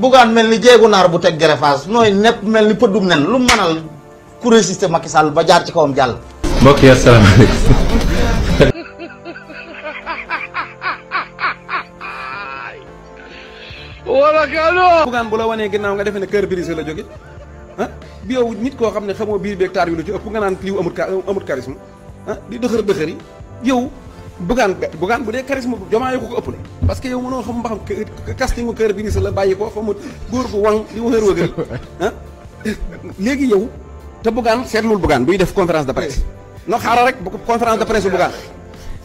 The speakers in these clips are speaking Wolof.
Bougane mel ni jéegu naar bu teg greffage nooy nepp mel ni pëddum nen lu mënal ku résister Macky Sall ba jaar ci kawam jàll. mbokk yi asalaamaaleykum. wala kano. bu la wanee ginnaaw nga defe ne cœur brisé la jóge ah bi yow nit koo xam ne xamoo biir beeg taar yu ci ëpp nga naan lii amut amut ah? di dëxër dëxër yi yow. bukan bukan bu dee charisme gitu. bu jomaa ko ko ëppale parce que yow mënoo xam ba xam castingu kër bi ni sa la bàyyi ko fa mu góor di wëgër wëgër ah léegi yow te bugaan seetlul bugaan buy def conférence de presse no xara rek conférence de presse bu bugaan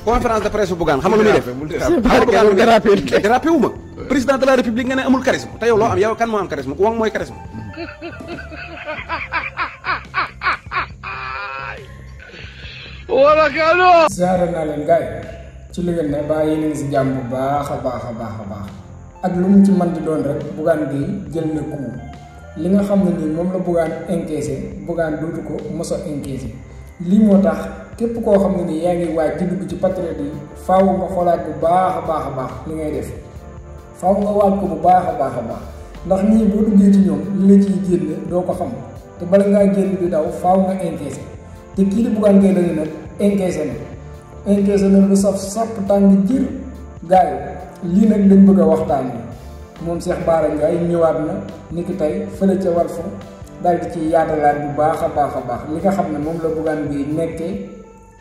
conférence de presse bu bugaan xam nga lu muy def dérapé wu ma président de la république nga ne amul charisme te yow lo hmm. am yow kan mo am charisme wang moy charisme wala kaano ziare naa leen gars yi ci li ngeen ne baa yéen a si jàmm bu baax a baax a baax a baax ak lu mu ci man di doon rek bugaan bi jël na coup li nga xam ne nii moom la bugaan encaissé bugaan dootu ko mos a encaissé lii moo tax képp koo xam ne nii yaa ngi waaj di dugg ci patriote yi faaw nga xoolaat bu baax a baax a baax li ngay def faaw nga waaj ko bu baax a baax ndax ñii boo duggee ci ñoom li la ciy génne doo ko xam te bala ngaa génn di daw faaw nga encaissé te kii di Bougane Gueye Dany nag encaissé na encaissé na lu saf sapp tàng jër gaay lii nag lañ bëgg a waxtaan bi moom seex Cheikh Bara Ndiaye ñëwaat na ni ki tey fële ca Walf daal di ci yaatalaat bu baax a baax a baax li nga xam ne moom la Bougane Gueye nekkee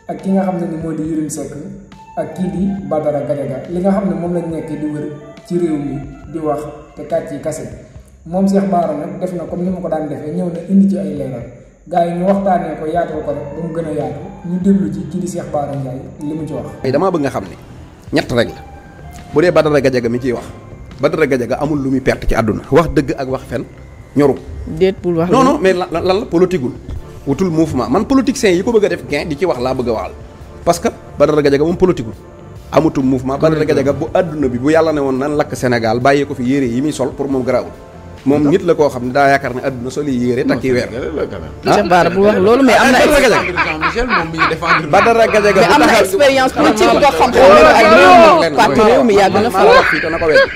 ak ki nga xam ne ni moo di Yérim Seck ak kii di Badara Gadiaga li nga xam ne moom la nekkee di wër ci réew mi di wax te kàcc yi kase moom Cheikh Bara nag def na comme ni ma ko daan defee ñëw na indi ci ay leeral gaay ñu waxtane ko yaatu ko rek ba mu gëna yaatu ñu déglu ci ci di Cheikh baara ndjay limu ci wax. ay dama bëgg nga xamni ñett rek la bu dé Badara Gajaga mi ci wax Badara Gajaga amul lu mi perte ci aduna wax deug ak wax fen ñoru. dét pour wax non non mais lan la politigul wutul mouvement man politicien yi ko bëgg def gain di ci wax la bëgg wal parce que Badara ga moom politigul amutul mouvement Badara Gajaga bu àdduna bi bu yàlla ne nan lakk Sénégal bàyyee ko fi yére yi muy sol pour moom garaawul mom nit la ko xam da yakar yaakaar ne àdduna soli yere takki weer jàmbaar bu wax lolou mais amna mom mi défendre Badara Gajaga mais am na expérience politique bu ko xam oh, ak parti rew mi yàgg na fa fi to te na ko wedd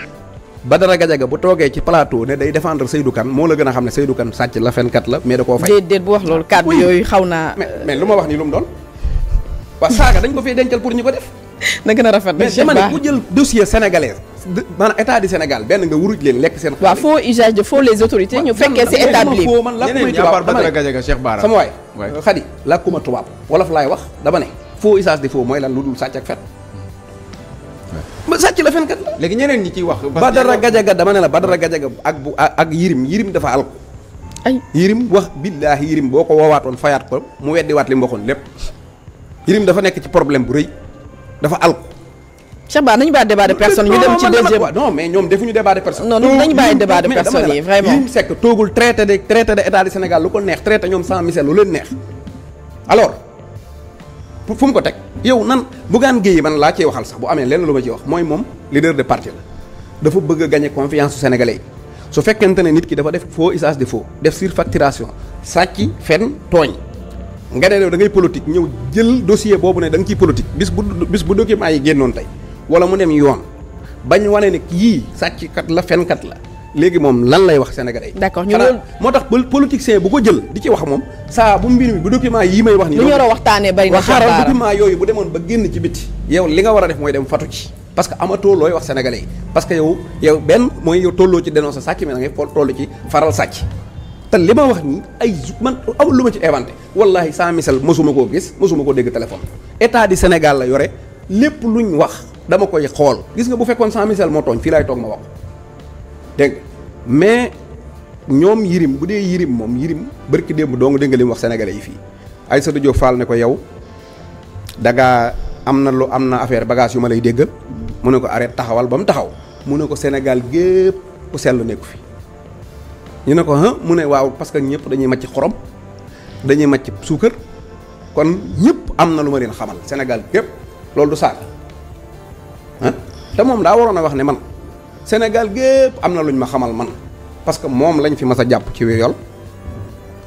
Badara Gajaga bu toogee ci plateau ne day défendre Seydou Kane moo la gën a xam ne Seydou Kane sàcc la fenkat la mais da ko fay déedéet bu wax loolu kàddu yooyu xaw naa mais lu ma wax ni lu mu doon waa saaga dañ ko fee dencal pour ñu ko def na gën a rafet mais dama ne ku jël dossier sénégalais maanaam état du Sénégal benn nga wuruj leen lekk seen. waaw faux usage de faux les autorités ñu fekkee c'est établi. man làkkuma tubaab sama waay xadi euh, làkkuma tubaab wolof laay wax dama ne faux usage de faux mooy lan lu dul sàcc ak fen sàcc la fenkat léegi ñeneen ñi ciy wax ba Badara Gajaga dama ne la Badara Gajaga ak bu ak yirim yirim dafa alko ay yirim wax billaahi yirim boo ko woowaatoon fayaat ko mu weddi waat li mu lépp yirim dafa nekk ci problème bu rëy dafa alko Cheikh Ba nañu débat de personne ñu dem ci deuxième non mais ñoom defuñu débat de personne non nañu bàyyi débat de personne vraiment Yérim Seck toogul traité de traité de état du Sénégal le ko neex traité ñoom sans misère lu leen neex alors pour mu ko yo yow nan Bougane Gueye man la ciy waxal sax bu amee lenn lu ma ciy wax moy mom leader de parti la dafa bëgg gagner confiance su sénégalais su fekkente ne nit ki dafa def faux usage de faux def surfacturation sàcc fen togn. nga ne da ngay politique ñew jël dossier bobu ne da nga politique bis bu bis bu document yi gennon tay. wala mu dem yoon bañ wané ni ki sacc kat la fen kat la légui mom lan lay wax sénégalais d' accord ñu moo tax politicien bu ko jël di ci wax mom sa bu mbir bi bu document yi may wax ni lu ñu war a bari na xaaral document yooyu bu demone ba génn ci biti yow li nga wara def moy dem fatu ci parce que amato loy wax sénégalais yi parce que yow yow ben moy yow tolo ci dénoncer sacc mais nga ngay ci faral sacc té lima wax ni ay man amul luma ci inventer wallahi sa misal musuma ko gis musuma ko dégg téléphone état du sénégal la yoré lepp luñ wax dama koy xol gis nga bu fekkon saint michel mo togn fi lay tok ma wax dégg mais ñom yirim bu dee yirim mom yirim barki dem dong dégg nga li wax sénégalais yi ay sa Diop Fall ne ko yow daga amna lu amna affaire bagage yu ma lay déggal mu ne ko arrêté taxawal bam taxaw mu ne ko Sénégal gépp ku sell fi ñu ne ko han mu ne waaw parce que ñepp dañuy macc xorom dañuy macc sucre kon ñepp amna lu ma leen xamal Sénégal gépp lolou du sax te mom da warona wax ne man Sénégal gépp amna luñ ma xamal man parce que mom lañ fi mas japp jàpp ci yool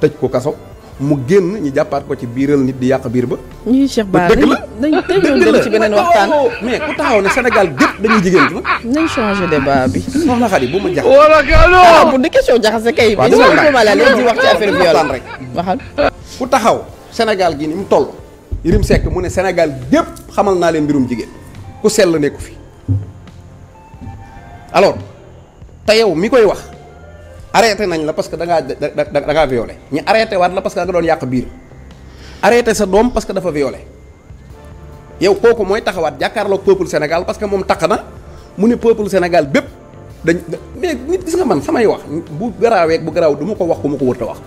tejj ko kasso mu génn ñi jàppaat ko ci biiral nit di yàq biir ba. ñi Cheikh ba dëgg la dañ dañoo dem ci benen waxtaan. mais ku taxaw ne Sénégal gépp dañuy jigéen ci ma. nañ changé débat bi. soxna xali bu ma jax wala galo ah, bu di question jaxase kay. bi dëgg ko mala dëgg di wax ci affaire bi yool waxal ku taxaw Sénégal gi ni mu toll. irim sek mu ne Sénégal gépp xamal na leen mbirum jigéen. ku sell nekku fi alors te yow mi koy wax arrêté nañ la parce que da ngaa da ñu arrêté waat la parce que da doon yàq biir arrêté sa doom parce que dafa violé yow kooku mooy taxawaat jàkkaarlook peuple Sénégal parce que moom tax na mu ne peuple Sénégal bépp dañ mais nit gis nga man samay wax bu garaawee bu garaaw duma ko wax ku ma ko wërta wax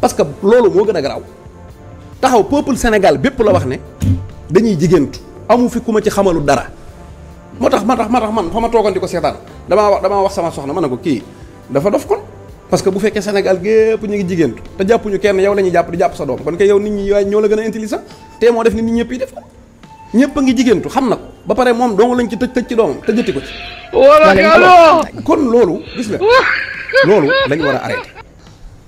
parce que loolu moo gën a garaaw taxaw peuple Sénégal bépp la wax ne dañuy jigéentu amu fi ku ma ci xamalu dara motax man tax man tax man fa ma toogoon di ko wax dama wax sama soxna manako ki dafa dof kon parce que bu fekke senegal gep ñi ngi ta te ñu kenn yow lañu japp di japp sa doom kon kay yow nit ñi ya, ñoo la gëna a intelligent te mo def nit ñepp yi def ko ñëpp a ngi xam nako ba pare mom dong lañ ci tecc tecc ci doomam te jëtti ko ci wala kon lolu gis nga lolu lañ wara arrêté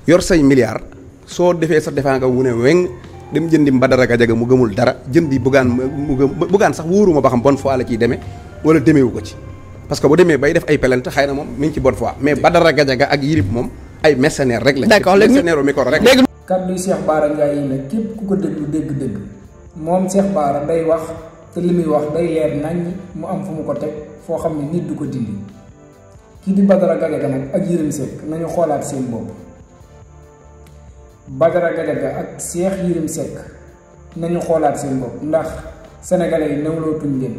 yor say milliard so defé sa defaa nga wune weng dem jëndi mbadara ga jaga mu gëmul dara jëndi bugan mu gëm bugan sax wóoruma ba xam bon fo ala ci démé wala demeewu ko ci parce que bu demee bay def ay pelante xay na moom mi ci bonne foi mais Badara Gadiaga ak Yirib moom ay mercenaire rek la. d'accord léegi mercenaire micro rek la. kàddu Cheikh Bara Ndiaye yi képp ku ko déglu dégg-dégg moom Cheikh Bara day wax te li muy wax day leer naññ mu am fu mu ko teg foo xam ne nit du ko dindi kii di Badara Gadiaga nag ak Yérim Seck nañu xoolaat seen bopp Badara Gadiaga yi Cheikh Yérim Seck nañu xoolaat seen bopp ndax sénégalais yi nawlootuñ leen.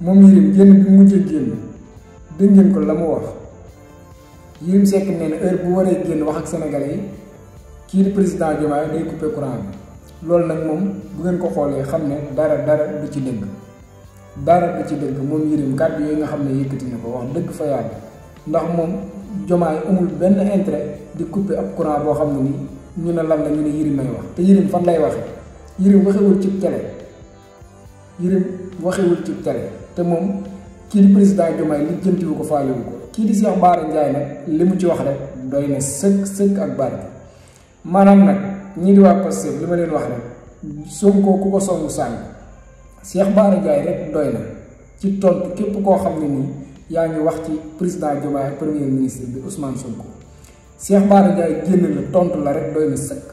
moom Yérim génn bi mujjee génn dégg ngeen ko la mu wax Yérim Seck nee na heure bu waree génn wax ak sénégalais yi kii di président Diomaye day coupé courant bi loolu nag moom bu ngeen ko xoolee xam ne dara dara du ci dëgg dara du ci dëgg moom Yérim kàddu yooyu nga xam ne yëkkati na ko wax dëgg fa yàgg ndax moom Diomaye amul benn intérêt di coupé ab courant boo xam ne nii ñu ne lan la ñu ne Yérim wax te Yérim fan lay waxe Yérim waxewul ci télé yërëm waxewul ci télé te mom ki di président Diomaye li jëmti ko faalewu ko ki di Cheikh Bara ndjay nak limu ci wax rek doy na seuk seuk ak baat manam nak ñi di wa passé li leen wax rek Sonko ku ko songu sànni Cheikh Bara ndjay rek doy na ci tontu képp ko xamni ni nii wax ci président Diomaye premier ministre bi Ousmane Sonko Cheikh Bara ndjay genn na tontu la rek doy na seuk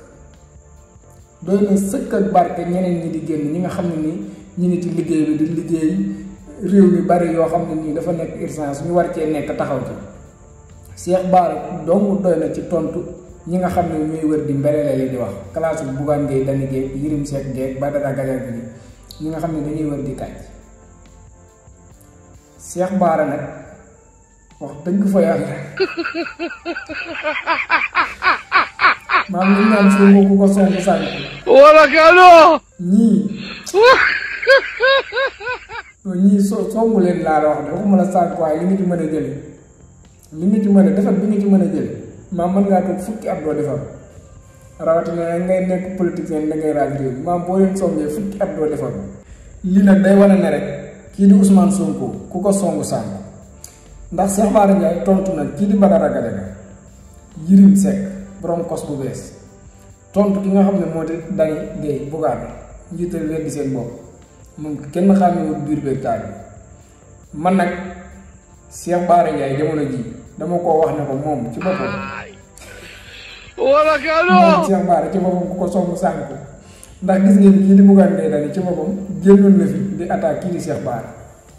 doy na seuk ak barke ñeneen ñi di genn ñi nga xamni ni ñu ngi ci liggéey bi di liggéey réew mi bari yoo xam ne nii dafa nekk urgence ñu war cee nekk taxaw ci Cheikh Bara doomu doy na ci tontu ñi nga xam ne ñuy wër di mbéreele li di wax classe bu Bougane Gueye Dany géeg Yérim Seck géeg Badara Gadiaga gi ñi nga xam ne dañuy wër di kàcc Cheikh Bara nag wax dëgg fa yàlla maam li ñu naan soo ko ko sonk sànq wala kano ñii ñun ñii soo songu leen laa la wax de waxuma la sànq waaye li nga ci mën a jëlee li nga ci mën a defar bi nga ci mën a jël maam mën ngaa toog fukki at doo defar rawatina ngay nekk politicien da ngay raaj réew maam boo leen songee lii nag day wane ne kii di Ousmane Sonko ku ko songu ndax Cheikh Bara Ndiaye tontu na kii di Badara Gadiaga Yirim Seck borom kos bu bees tontu ki nga xam ne moo di Dany Guèye Bougane njiital leen di seen bopp. moom kenn ma xàmmewul biir beeg taal bi man nag Cheikh Bara Ndiaye jamono ji dama koo wax ne ko moom ci boppam. wala kàddu moom Cheikh Bara ci boppam ku ko soxla sànq ko ndax gis ngeen kii di Bougane Gueye Dany ci boppam génnoon na fi di attaque kii di Cheikh Bara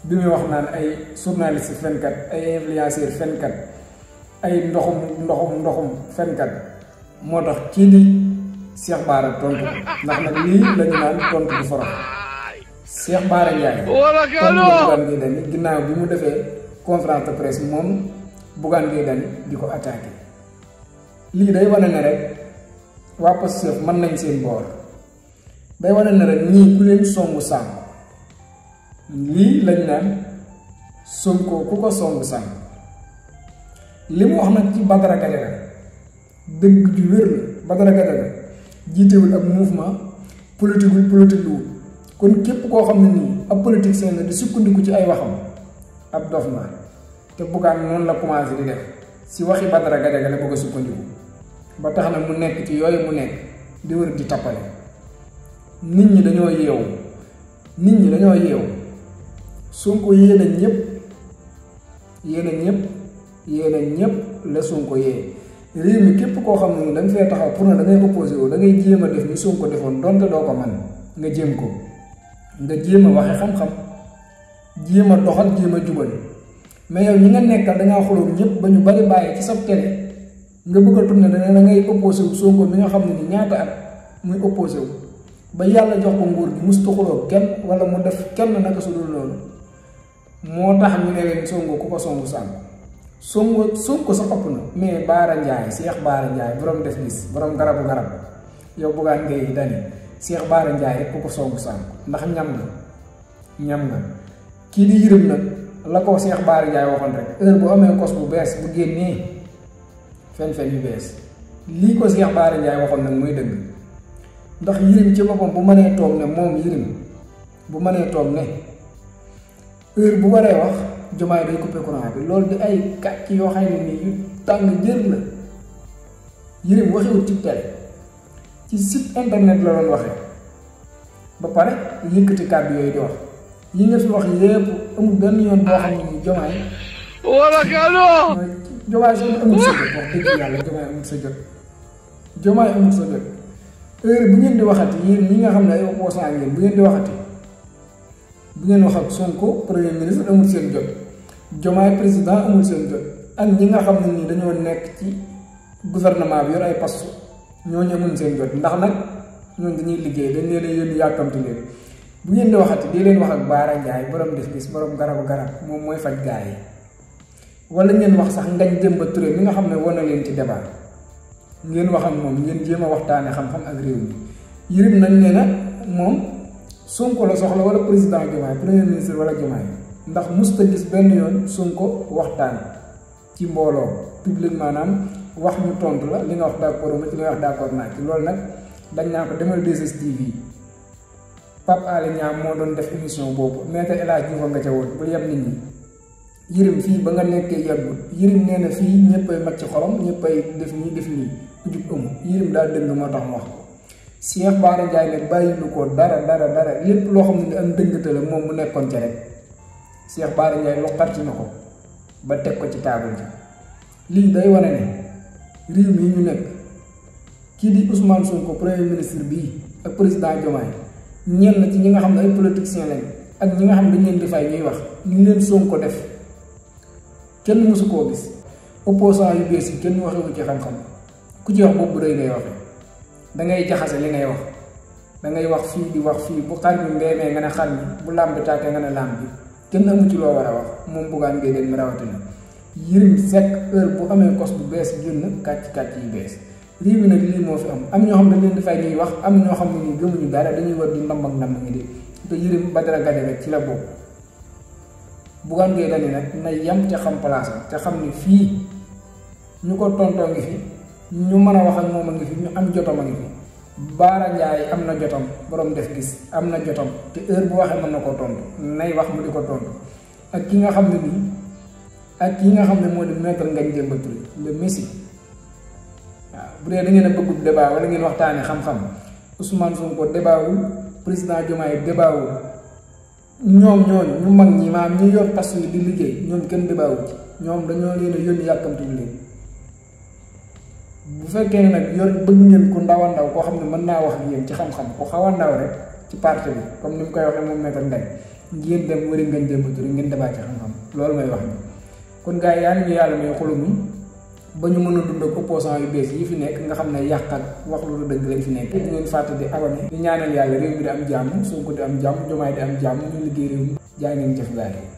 bi muy wax naan ay journaliste fenkat ay influenceur fenkat ay ndoxum ndoxum ndoxum fenkat moo tax kii di Cheikh Bara tontu ndax nag lii la ñu naan tontu bu forox cheikh bara ndjay wala galo bugan gi dani ginaaw bi mu defé conférence de presse mom bugan diko attaquer li day wana na rek wa passef man nañ seen bor day na rek ñi ku leen songu sam li lañ naan sonko ku ko songu sam li mu wax nak ci badara gadara deug ju wër badara ak mouvement politique politique kon képp koo xam ne nii ab politicien nga di sukkandiku ci ay waxam ab dof na te buggaan noonu la commencé di def si waxi Badara Gadiaga la bëgg a sukkandiku ba tax na mu nekk ci yooyu mu nekk di wër di tappale nit ñi dañoo yeewu nit ñi dañoo yeewu Sonko yee na ñëpp yee na ñëpp yee na ñëpp la Sonko yee réew mi képp koo xam ne da fee taxaw pour ne da ngay opposé wu da ngay jéem a def ni Sonko defoon donte doo ko man nga jéem ko nga jéem a waxe xam-xam jéem a doxal jéem a jubal mais yow ñi nga nekkal da ngaa xulóog ñëpp ba ñu bari bàyyi ci sa télé nga bëgg a tourné da da ngay opposé wu sonko mi nga xam ne ni ñaata at muy opposé wu ba yàlla jox ko nguur gi mustu xulóog kenn wala mu def kenn naka su dul loolu moo tax ñu ne leen songo ku ko songu sànq songo sonko sa ëpp na mais baara njaay seex baara njaay borom def gis borom garabu garab yow bugaan ngay dani Cheikh Baara Ndiaye ku ko song sànq ndax ñam nga ñam nga kii di yërëm nag la ko seex Baara Ndiaye waxoon rek heure bu amee kos bu bees bu génnee fen yu bees lii ko seex Baara Ndiaye waxoon nag muy dëgg ndax yërëm ci boppam bu mënee toog ne moom yërëm bu mënee toog ne heure bu waree wax jumaay day coupé courant bi loolu di ay kàcc yoo xam ne nii yu tàng jër la yërëm waxiwut ci télé ci site internet la doon waxee ba pare yëkkati kàddu yooyu di wax yi nga fi wax yépp amul benn yoon boo xam ne nii jomaay. wala kano. jomaay sax amul sa jot wax dëgg yàlla jomaay amul sa jot jomaay amul sa jot ngeen di waxati yéen nga xam ne ay opposant ngeen bu ngeen di waxati bu ngeen wax ak Sonko premier ministre jot jomaay président amul seen jot ak ñi nga xam ne nii dañoo nekk ci gouvernement bi yor ay pastu ñooñu amuñ seen jot ndax nak ñoom dañuy liggéey dañ leen a yónni leen bu ngeen di waxati di leen wax ak baara jaay borom def gis borom garabu garab moom mooy faj gaay wala ngeen wax sax ngañ dem ba turé mi nga xam ne wana leen ci débat ngeen wax ak moom ngeen jéem a waxtaane xam-xam ak réew mi nañ ne na moom sonko la soxla wala président jumaay premier ministre wala jumaay ndax musta gis benn yoon sonko waxtaan ci mbooloo public maanaam wax ñu tontu la li nga wax d'accord ma ci li nga wax d'accord naa ci loolu nag dañ naa ko demal 2STV Pape Alé Niang moo doon def émission boobu Maître El Hadji Diouf nga ca woon bul yem ba nga nekkee yàggul Yërim nee na fii ñëppay màcc xorom ñëppay def nii def nii ku daal dëng moo tax wax ko Cheikh Bara Ndiaye nag bàyyilu ko dara dara dara lépp loo xam ne la moom mu nekkoon ca rek Cheikh Bara Ndiaye loxar ci na ko ba teg ko ci taabal ji lii day wane ne réew mi ñu nekk kii di Ousmane Sonko premier ministre bii ak président Diomaye ñenn ci ñi nga xam ne ay politiciens lañ ak ñi nga xam ne dañ leen di fay ñuy wax ñu leen Sonko def kenn mosu koo gis opposant yu bees yi kenn waxewu ci xam-xam ku ci wax boobu rëy ngay waxe ngay jaxase li ngay wax da ngay wax fii di wax fii bu xar mi mbeemee nga ne xar mi bu làmb tàkkee nga ne làmb bi kenn amu ci loo war a wax moom buggaan ngay leen mi rawatina yërim sek heure bu amé kos bu bes génn kàcc kàcc yi bes li bi nak li mo fi am am ñoo xam dañ leen defay ñuy wax am ñoo xam ne gëmu ñu dara dañuy wër di ndam ak ndam ngi di te dara gade rek ci la bu gan ngey Dany nak na yam ci xam place te xam ni fi ñu ko tontoo ngi fi ñu mëna wax ak mom ngi fi ñu am jottam ngi fi Baara jaay amna jottam borom def gis amna jottam te heure bu waxe mëna ko tonto nay wax mu di ko ak ki nga xam ak yi nga xam ne moo di maître Ngagne Demba Touré le Messi waaw bu dee da ngeen a bëgg débat wala ngeen waxtaanee xam-xam Ousmane Sonko débat wu président Diomaye débat wu ñoom ñooñu ñu mag ñi maam ñi yor tas yi di liggéey ñoom kenn débat wu ci ñoom dañoo leen a yónni yàkkamtuñu leen bu fekkee ne nag yor bëgg ngeen ku ndaw a ndaw koo xam ne mën naa wax ak yéen ci xam-xam ku xaw a ndaw rek ci parti bi comme ni mu koy waxee moom maître Ngagne ngeen dem wëri Ngagne Demba Touré ngeen débat ci xam-xam loolu may wax ni kon gaa yi yaa ngi yàlla may xolu muñ ba ñu mën a dund ak opposant yu bees yi fi nekk nga xam ne yàq ak wax lu dëgg lañ fi nekk. di ngeen fàtte di abonné di ñaanal yàlla réew mi di am jàmm soo di am jàmm Diomaye di am jàmm ñu liggéey réew mi jaay jëf gars yi